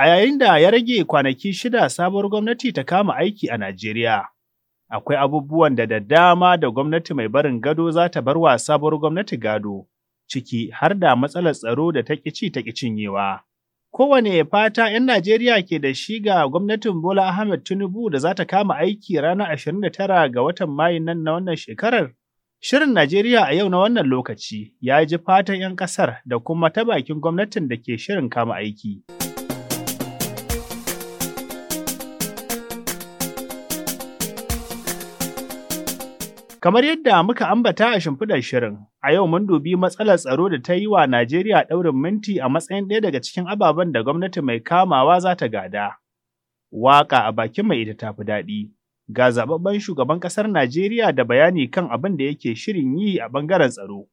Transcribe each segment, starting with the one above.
A yayin da ya rage kwanaki shida sabuwar gwamnati ta kama aiki a Najeriya, akwai abubuwan da da dama da gwamnati mai barin gado za ta bar wa sabuwar gwamnati gado, ciki har da matsalar tsaro da ta ƙici ta cinyewa. Kowane fata 'yan Najeriya ke da shi ga gwamnatin Bola Ahmed Tinubu da za ta kama aiki ranar 29 ga watan Mayu nan na wannan shekarar. Shirin Najeriya a yau na wannan lokaci ya ji fatan 'yan ƙasar da kuma ta bakin gwamnatin da ke shirin kama aiki. Kamar yadda muka ambata a shimfiɗar shirin, a yau mun dubi matsalar tsaro da ta yi wa Najeriya ɗaurin minti a matsayin ɗaya daga cikin ababen da gwamnati mai kamawa za ta gada. Waƙa a bakin mai ita tafi daɗi. Ga zababben shugaban ƙasar Najeriya da bayani kan abin da yake shirin yi a bangaren tsaro.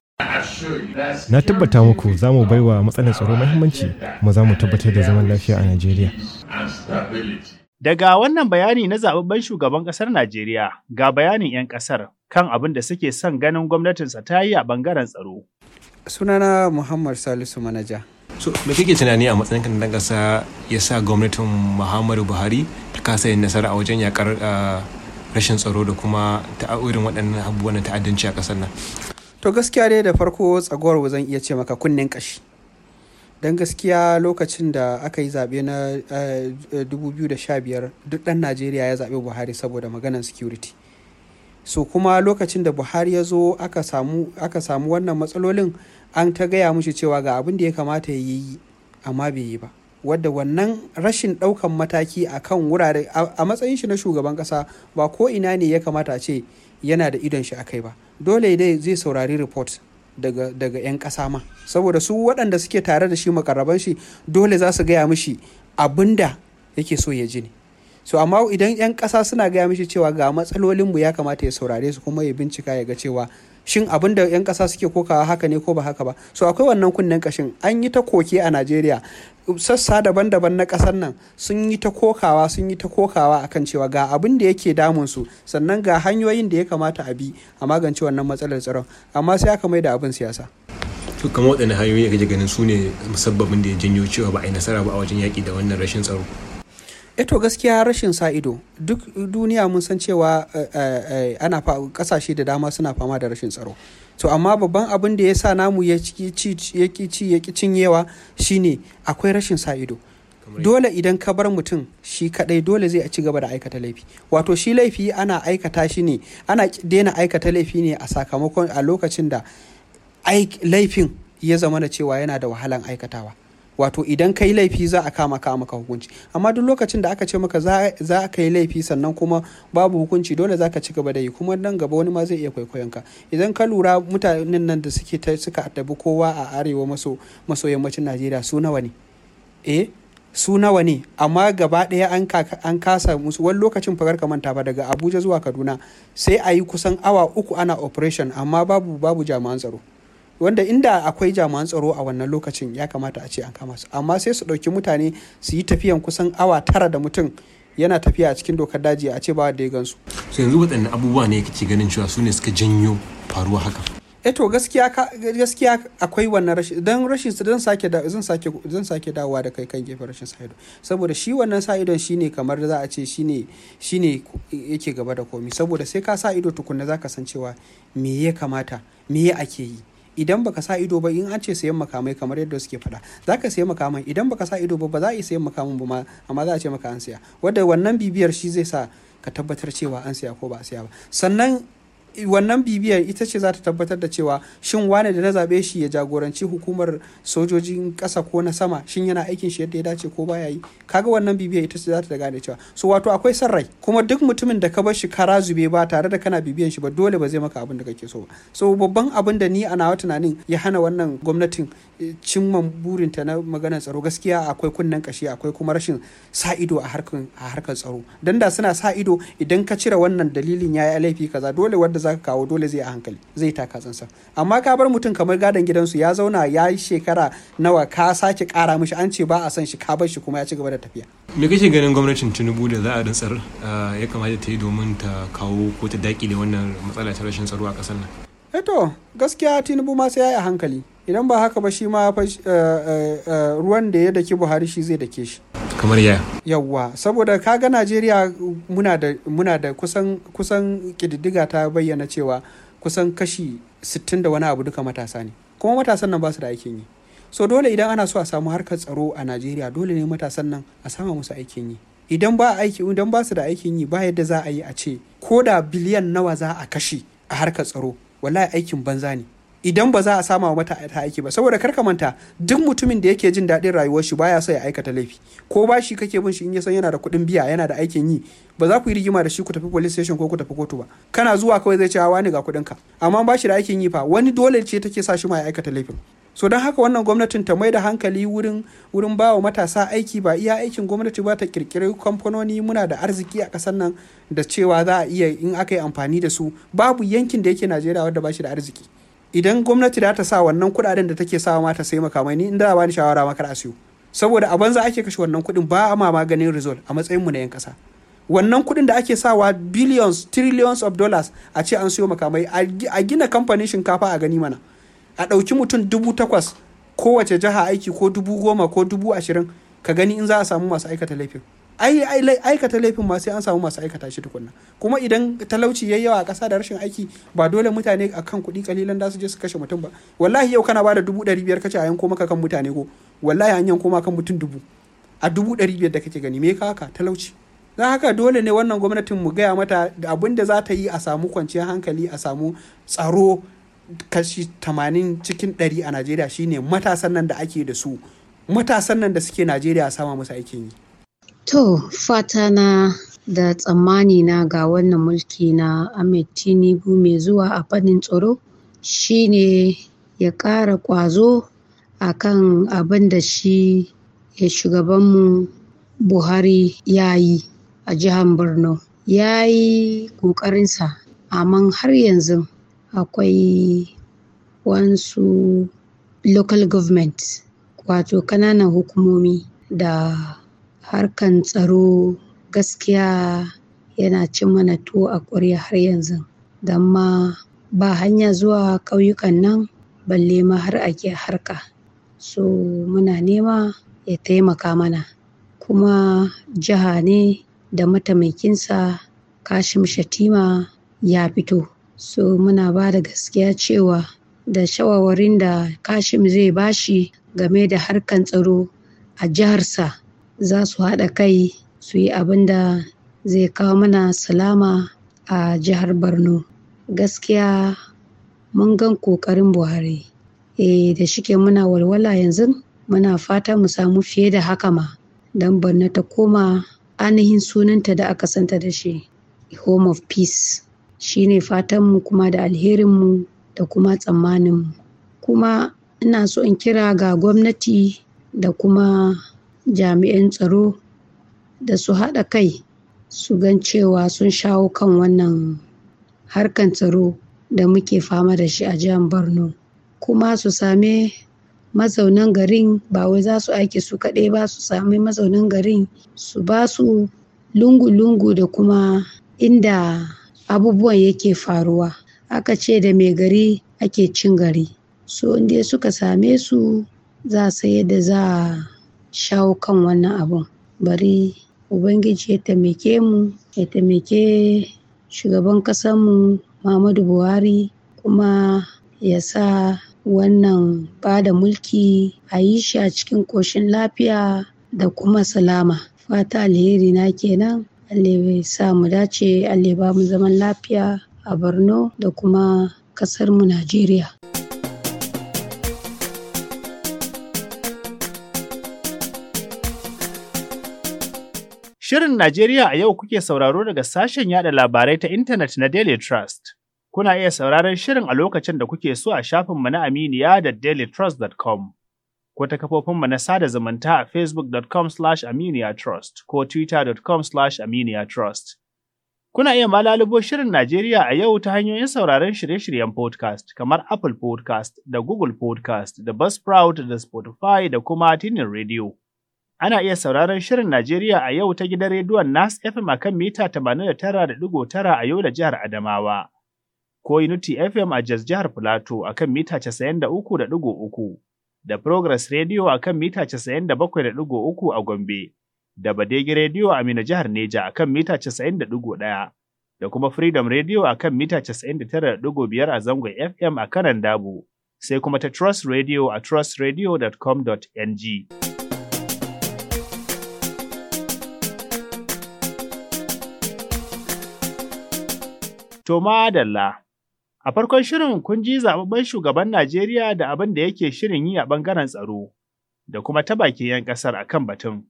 Na tabbata muku za mu baiwa matsalar tsaro muhimmanci kuma za mu tabbatar da zaman lafiya a Najeriya. Daga wannan bayani na zababben shugaban ƙasar Najeriya ga bayanin 'yan ƙasar kan abin da suke son ganin gwamnatinsa ta yi a bangaren tsaro. Sunana Muhammad Salisu Manaja. So, me kake tunani a matsayin kan kasa ya sa gwamnatin Muhammadu Buhari ta kasa yin nasara a wajen yakar ah, rashin tsaro da kuma ta'aurin waɗannan abubuwan ta'addanci a ƙasar nan? To gaskiya dai da farko tsagowar zan iya ce maka kunnen ƙashi. dan gaskiya lokacin da aka yi zaɓe na 2015 eh, eh, duk ɗan najeriya ya zaɓi buhari saboda maganar security so kuma lokacin da buhari ya zo aka samu, wannan matsalolin an ta gaya mushi cewa ga abin da ya kamata ya yi amma bai yi ba wadda wannan rashin ɗaukan mataki a kan wurare a matsayin shi na shugaban ƙasa ba ko ina ne ya kamata a ce yana da idon shi a kai ba dole dai zai saurari report daga, 'yan ƙasa ma saboda su waɗanda suke tare da shi makarraban shi dole za su gaya mishi abin da yake so ya ji ne so amma idan 'yan kasa suna gaya mishi cewa ga matsalolin mu ya kamata ya saurare su kuma ya bincika ya ga cewa shin abin da 'yan kasa suke kokawa haka ne ko ba haka ba so akwai wannan kunnen kashin an yi ta koke a najeriya sassa daban-daban na kasar nan sun yi ta kokawa sun yi ta kokawa akan cewa ga abin da yake damun su sannan ga hanyoyin da ya kamata a bi a magance wannan matsalar tsaron amma sai aka mai da abin siyasa to kamar waɗanne hanyoyi kake ganin su ne musabbabin da ya janyo cewa ba a yi nasara ba a wajen yaƙi da wannan rashin tsaro eto eh gaskiya rashin sa ido duk duniya mun san cewa eh, eh, ana kasashe da dama suna fama da rashin tsaro to amma babban abin da ya sa namu ya ci ya cinyewa shine akwai rashin sa ido dole idan ka bar mutum shi kadai dole zai ci gaba da aikata laifi wato shi laifi ana aikata shi ne ana daina aikata laifi ne a sakamakon a lokacin da laifin ya zama da cewa yana da wahalan aikatawa wato idan kai laifi za a kama ka maka hukunci amma duk lokacin da aka ce maka za ka yi laifi sannan kuma babu hukunci dole za ka ci gaba da yi kuma nan gaba wani ma zai iya kwaikwayon ka idan ka lura mutanen nan da suke ta suka addabi kowa a arewa maso maso yammacin najeriya su nawa ne eh su nawa ne amma gaba ɗaya an kasa musu wani lokacin fagar ka manta ba daga abuja zuwa kaduna sai a yi kusan awa uku ana operation amma babu babu jami'an tsaro wanda inda akwai jami'an tsaro a wannan lokacin ya kamata a ce an kama su amma sai su ɗauki mutane su yi tafiyan kusan awa tara da mutum yana tafiya a cikin dokar daji a ce ba da ya gansu. su yanzu waɗannan abubuwa ne ke ganin cewa su ne suka janyo faruwa haka. e to gaskiya akwai wannan rashin don rashin zan sake da zan sake zan sake dawowa da kai kan gefen rashin sa'ido saboda shi wannan sa'idon shine kamar za a ce shine shine yake gaba da komi saboda sai ka sa ido tukunna zaka san cewa me ya kamata me ake yi idan baka sa ido ba in an ce sayan makamai kamar yadda suke faɗa zaka ka sayi idan baka sa ido ba ba za a iya sayan makaman ba amma za a ce maka an siya wadda wannan bibiyar shi zai sa ka tabbatar cewa an siya ko ba a siya ba sannan wannan bibiyar ita ce za ta tabbatar da cewa shin wane da na zabe shi ya jagoranci hukumar sojojin kasa ko na sama shin yana aikin shi yadda ya dace ko baya yi kaga wannan bibiyar ita ce za ta gane cewa so wato akwai son rai kuma duk mutumin da ka bar shi kara zube ba tare da kana bibiyan shi ba dole ba zai maka abin da kake so ba so babban abin da ni a nawa tunanin ya hana wannan gwamnatin eh, cimma burinta na maganar tsaro gaskiya akwai kunnen kashi akwai kuma rashin sa ido a harkar tsaro dan da suna sa ido idan ka cire wannan dalilin yayi laifi kaza dole wanda za ka kawo dole zai a hankali zai taka tsansa amma ka bar mutum kamar gadon gidansu ya zauna ya yi shekara nawa ka sake kara mishi an ce ba a san shi ka bar shi kuma ya ci gaba da tafiya me kake ganin gwamnatin tinubu da za a rantsar ah, ya kamata ta yi domin ta kawo ko ta dakile wannan matsala ta rashin tsaro a kasar nan eto eh gaskiya tinubu ma sai ya hankali idan ba haka ba shi ma eh, eh, ruwan da ya daki buhari shi zai dake shi kamar ya yawwa saboda kaga najeriya muna da kusan kusan kididdiga ta bayyana cewa kusan kashi 60 da wani abu duka matasa ne kuma matasan nan ba su da aikin yi so dole idan ana so a samu harkar tsaro a najeriya dole ne matasan nan a samu musu aikin yi idan ba aiki idan ba su da aikin yi ba yadda za a yi a ce ko da biliyan nawa za a kashe a harkar tsaro wallahi aikin banza ne idan ba za a sama mata ta aiki ba saboda karka manta duk mutumin da yake jin daɗin rayuwar shi baya so ya aikata laifi ko ba shi kake bin shi in ya san yana da kuɗin biya yana da aikin yi ba za ku yi rigima da shi ku tafi police station ko ku tafi kotu ba kana zuwa kawai zai ce wani ga kuɗin ka amma ba shi da aikin yi fa wani dole ce take sa shi ma ya aikata laifin so don haka wannan gwamnatin ta mai da hankali wurin wurin ba wa matasa aiki ba iya aikin gwamnati ba ta kirkiri kamfanoni muna da arziki a ƙasar nan da cewa za a iya in aka yi amfani da su babu yankin da yake najeriya wadda ba shi da arziki idan gwamnati da ta sa wannan kuɗaɗen da take sawa mata sai makamai ni in da ba ni shawara a siyo saboda a banza ake kashe wannan kuɗin ba a ma maganin result a matsayin mu na yan ƙasa wannan kuɗin da ake sawa billions trillions of dollars a ce an siyo makamai a gina kamfanin shinkafa a gani mana a ɗauki mutum dubu takwas kowace jiha aiki ko dubu goma ko dubu ashirin ka gani in za a samu masu aikata laifin ai aikata laifin ma sai an samu masu aikata shi tukunna kuma idan talauci yayi yawa a ƙasa da rashin aiki ba dole mutane a kan kuɗi kalilan da su je su kashe mutum ba wallahi yau kana bada dubu ɗari biyar kace a yanko maka kan mutane ko wallahi an yanko maka kan mutum dubu a dubu ɗari biyar da kake gani me ka haka talauci don haka dole ne wannan gwamnatin mu gaya mata da abin da za ta yi a samu kwanciyar hankali a samu tsaro kashi 80 cikin ɗari a najeriya shine matasan nan da ake da su matasan nan da suke najeriya sama musu aikin yi to fata na da tsammani na ga wannan mulki na ahmed tinubu mai zuwa a fannin tsaro shine ya ƙara ƙwazo a kan abin da shi ya shugabanmu buhari ya yi a jihan borno ya yi ƙoƙarinsa amma har yanzu akwai wansu local government wato ƙananan hukumomi da harkan tsaro gaskiya yana cin mana tuwo a ƙwarya har yanzu don ma ba hanya zuwa ƙauyukan nan balle ma har ake harka so muna nema ya taimaka mana kuma jiha ne da mataimakinsa kashim shatima ya fito so muna ba da gaskiya cewa da shawarwarin da kashim zai bashi game da harkan tsaro a jiharsa za su haɗa kai su yi abin da zai kawo mana salama a jihar borno gaskiya mun gan ƙoƙarin buhari e da shike muna walwala yanzu muna fata mu samu fiye da haka ma don borno ta koma ainihin sunanta da aka santa da shi home of peace Shi ne fatanmu kuma da alherinmu da kuma tsammaninmu kuma ina so in kira ga gwamnati da kuma jami'an tsaro da su haɗa kai su gan cewa sun shawo kan wannan harkan tsaro da muke fama da shi a jihar borno kuma su same mazaunan garin ba wai za su aiki su kaɗai ba su sami mazaunan garin su ba su lungu-lungu da kuma inda abubuwan yake faruwa aka ce da mai gari ake cin gari so inda suka same su za su yadda za a shawo kan wannan abun bari ubangiji ya taimake mu ya taimake shugaban mu muhammadu buhari kuma ya sa wannan ba da mulki a yi shi a cikin ƙoshin lafiya da kuma salama fata alheri na kenan Allah ya sa mu dace Allah ya ba mu zaman lafiya a Borno da kuma kasar mu Najeriya. Shirin Najeriya a yau kuke sauraro daga sashen yada labarai ta intanet na Daily Trust. Kuna iya sauraron shirin a lokacin da kuke so a shafinmu na Aminiya da dailytrust.com. ko ta kafofinmu na sada zumunta a facebook.com slash aminiyatrust ko twitter.com slash trust Kuna iya malalubo shirin Najeriya a yau ta hanyoyin sauraron shirye-shiryen podcast kamar Apple podcast da Google podcast da Buzzsprout da Spotify da kuma Tinin Radio. Ana iya sauraron shirin Najeriya a yau ta gidan rediyon Nas FM a kan mita tara a yau da jihar Adamawa, ko Unity FM a Jazz jihar Filato a kan mita 93.3. da Progress Radio a kan mita 97.3 a Gombe, da Badegi Radio a Mina jihar Neja a kan mita 90.1, da kuma Freedom Radio a kan mita 99.5 a zangon FM a kanan Dabu, sai kuma ta Trust Radio a trustradio.com.ng. Toma Dalla A farkon shirin kun ji zababben shugaban Najeriya da abin da yake shirin yi a ɓangaren tsaro da kuma ta baki 'yan ƙasar akan batun.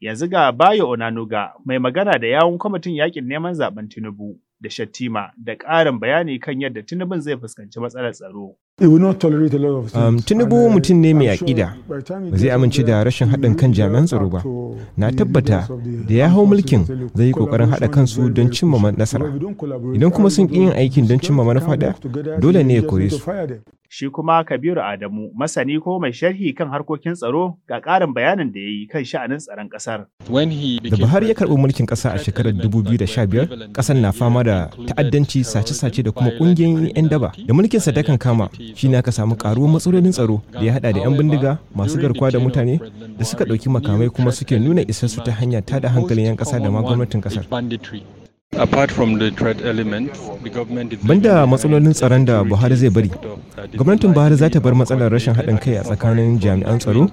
Yanzu ga Bayo Onanuga mai magana da yawun kwamitin yaƙin neman zaben Tinubu da Shattima da ƙarin bayani kan yadda Tinubun zai fuskanci matsalar tsaro. Um, uh, mutum ne mai aƙida, ba zai amince da rashin haɗin kan jami'an tsaro ba. Na tabbata da ya hau mulkin zai yi ƙoƙarin haɗa kansu don cimma nasara. Idan kuma sun yin aikin don cimma manufa ɗaya, dole ne ya kore su. Shi kuma Kabiru Adamu, masani ko mai sharhi kan harkokin tsaro ga ƙarin bayanin da ya yi kan sha'anin tsaron ƙasar. Da Buhari ya karɓi mulkin ƙasa a shekarar 2015, ƙasar na fama da ta'addanci, sace-sace da kuma ƙungiyoyin 'yan daba da mulkinsa kan kama shine aka samu karuwar matsalolin tsaro da ya hada da 'yan bindiga masu garkuwa da mutane da suka ɗauki makamai kuma suke nuna isassu ta hanyar tada hankalin 'yan kasa da ma gwamnatin ƙasar banda matsalolin tsaron da buhari zai bari gwamnatin buhari za ta bar matsalar rashin haɗin kai a tsakanin jami'an tsaro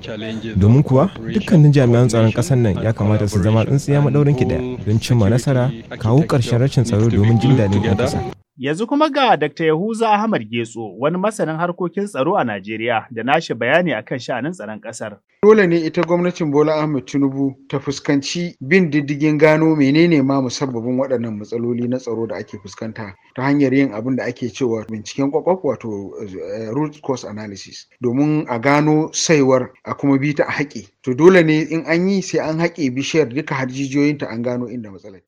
domin kuwa dukkanin jami'an tsaron ƙasar nan ya kamata su zama tsintsiya maɗaurin kiɗa don cimma nasara kawo ƙarshen rashin tsaro domin jin daɗin 'yan ƙasa Yanzu kuma ga Dr. Yahuza Ahmad Getso, wani masanin harkokin tsaro a Najeriya da nashi bayani akan sha'anin tsaron ƙasar. Dole ne ita gwamnatin Bola Ahmed Tinubu ta fuskanci bin diddigin gano menene ma musabbabin waɗannan matsaloli na tsaro da ake fuskanta ta hanyar yin abin da ake cewa binciken kwakwaf wato eh, root cause analysis domin a gano saiwar a kuma bi ta a haƙe. To dole ne in an yi sai an haƙe bishiyar duka harjijiyoyinta an gano inda matsalar.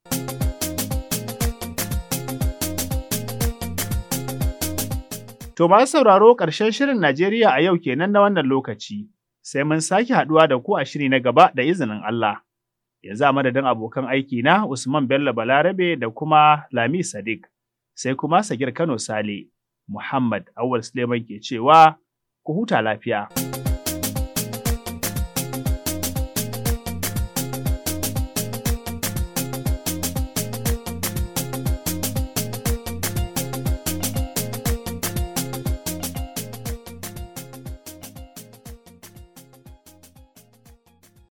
To masu sauraro ƙarshen shirin Najeriya a yau kenan na wannan lokaci, sai mun sake haɗuwa da ku a shiri na gaba da izinin Allah. Yanzu a madadin abokan aiki na Usman Bello Balarabe da kuma Lami Sadiq, sai kuma Sagir Kano Sale, Muhammad Awal Suleiman ke cewa, ku huta lafiya.